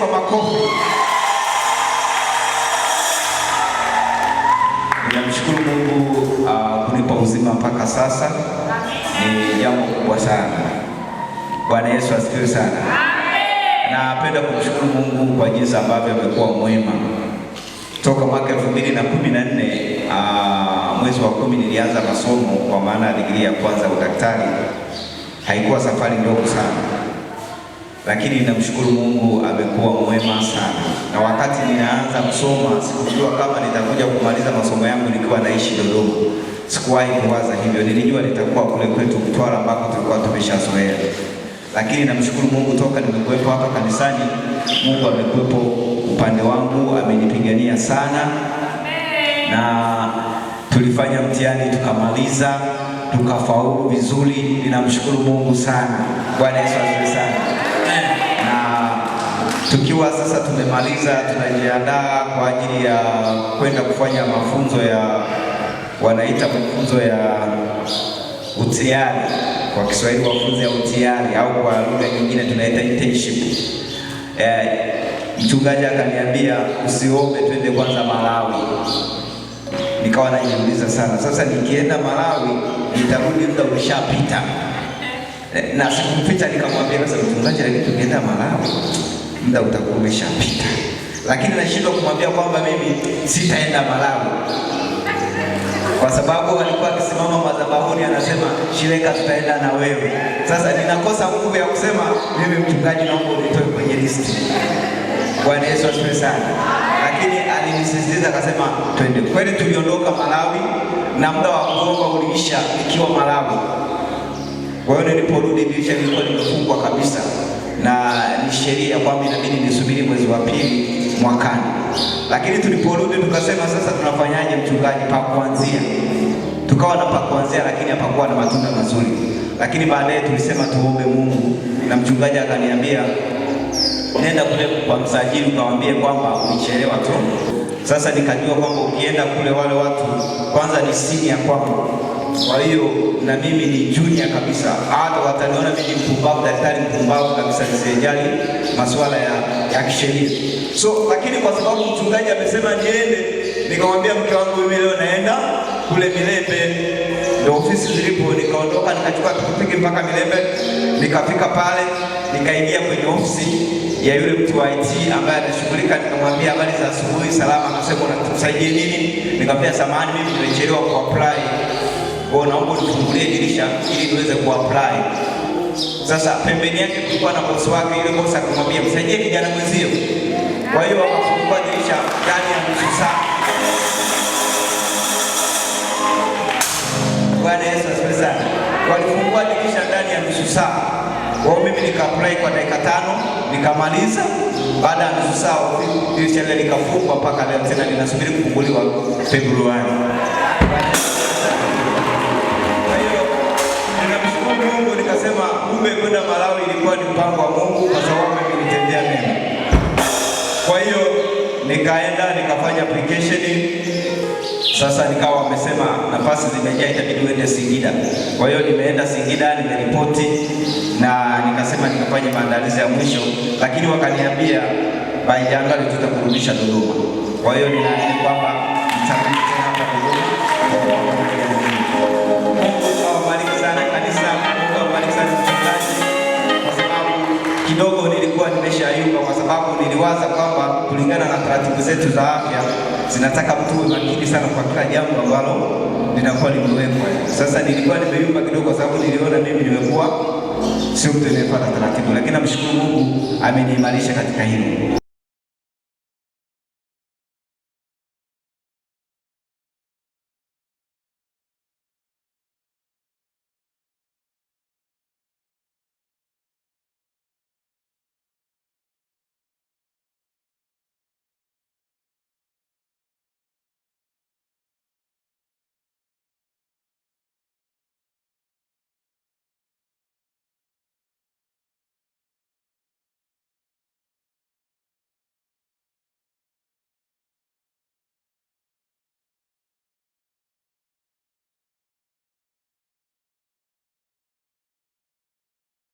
kwa makofi. Ninamshukuru Mungu uh, kunipa uzima mpaka sasa ni jambo kubwa sana. Bwana Yesu asifiwe sana. Napenda kumshukuru Mungu kwa jinsi ambavyo amekuwa mwema toka mwaka na kumi na nne ah, mwezi wa kumi nilianza masomo kwa maana ya digrii ya kwanza udaktari. Haikuwa safari ndogo sana lakini namshukuru Mungu amekuwa mwema sana, na wakati ninaanza kusoma sikujua kama nitakuja kumaliza masomo yangu nikiwa naishi Dodoma. Sikuwahi kuwaza hivyo, nilijua nitakuwa kule kwetu Mtwara ambako tulikuwa tumeshazoea, lakini namshukuru Mungu toka nimekuwepo hapa kanisani, Mungu amekuwepo upande wangu, amenipigania sana na tulifanya mtihani tukamaliza, tukafaulu vizuri. Ninamshukuru Mungu sana. Bwana Yesu asifiwe sana. Tukiwa sasa tumemaliza, tunajiandaa kwa ajili ya kwenda kufanya mafunzo ya wanaita mafunzo ya utiari, kwa Kiswahili mafunzo ya utiari au kwa lugha nyingine tunaita internship. Eh, mchungaji akaniambia usiombe, twende kwanza Malawi. Nikawa najiuliza sana, sasa nikienda Malawi nitarudi muda ushapita, eh, na sikumficha, nikamwambia sasa mchungaji, lakini tungeenda Malawi muda utakuwa umeshapita, lakini nashindwa kumwambia kwamba mimi sitaenda Malawi kwa sababu alikuwa akisimama madhabahuni anasema, Shireka, tutaenda na wewe. Sasa ninakosa nguvu ya kusema mimi mchungaji, naomba unitoe kwenye listi. Bwana Yesu asifiwe sana. Lakini alinisisitiza akasema, twende. Kweli tuliondoka Malawi na muda wa kuomba uliisha ikiwa Malawi. Kwa hiyo niliporudi dirisha lilikuwa limefungwa kabisa na ni sheria kwamba inabidi nisubiri mwezi wa pili mwakani. Lakini tuliporudi tukasema sasa tunafanyaje mchungaji, pa kuanzia? Tukawa na pa kuanzia, lakini hapakuwa na matunda mazuri. Lakini baadaye tulisema tuombe Mungu, na mchungaji akaniambia nenda kule kwa msajili ukawaambie kwamba ulichelewa tu. Sasa nikajua kwamba ukienda kule wale watu kwanza ni sini ya kwangu kwa hiyo na mimi ni junior kabisa, hata wataniona mimi mpumbavu, daktari mpumbavu kabisa, nisijali masuala ya, ya kisheria. So lakini kwa sababu mchungaji amesema niende, nikamwambia mke wangu mimi leo naenda kule Milembe, ndio ofisi zilipo. Nikaondoka nikachukua pikipiki mpaka Milembe, nikafika pale nikaingia kwenye ofisi ya yule mtu wa IT ambaye anashughulika. Nikamwambia habari za asubuhi, salama. Akasema unatusaidia nini? Nikamwambia samahani, mimi nimechelewa kuapply kwa naomba nifungulie dirisha ili niweze kuapply. Sasa pembeni yake kulikuwa na bosi wake, ile bosi akamwambia msaidie kijana mwenzio. Kwa hiyo akafungua dirisha ndani ya nusu saa. Bwana Yesu asifiwe sana. Walifungua dirisha ndani ya nusu saa. Kwa hiyo mimi nikaapply kwa dakika tano nikamaliza. Baada ya nusu saa dirisha lile likafungwa mpaka leo tena linasubiri kufunguliwa Februari. mpango wa Mungu kwa sababu imenitendea mema. Kwa hiyo nikaenda nikafanya application. Sasa nikawa wamesema nafasi zimejaa, itabidi uende Singida. Kwa hiyo nimeenda Singida, nimeripoti na nikasema nikafanya maandalizi ya mwisho, lakini wakaniambia baijanga tutakurudisha Dodoma. Kwa hiyo ninaamini kwamba kulingana na taratibu zetu za afya zinataka mtu uwe makini sana kwa kila jambo ambalo linakuwa limewekwa. Sasa nilikuwa nimeyumba kidogo, kwa sababu niliona mimi nimekuwa sio mtu anayefuata taratibu, lakini namshukuru Mungu ameniimarisha katika hilo.